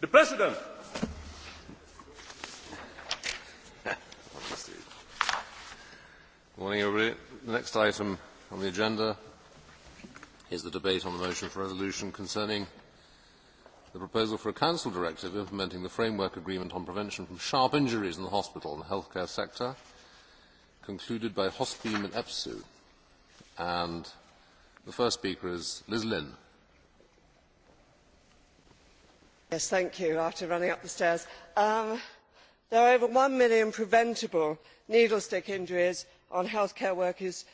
The President. Morning, everybody. The next item on the agenda is the debate on the motion for resolution concerning the proposal for a Council directive implementing the framework agreement on prevention from sharp injuries in the hospital and healthcare sector concluded by Hosbeam and EPSU. And the first speaker is Liz Lynn. Mr President, After running up the stairs, there are over one million preventable needle stick injuries on healthcare workers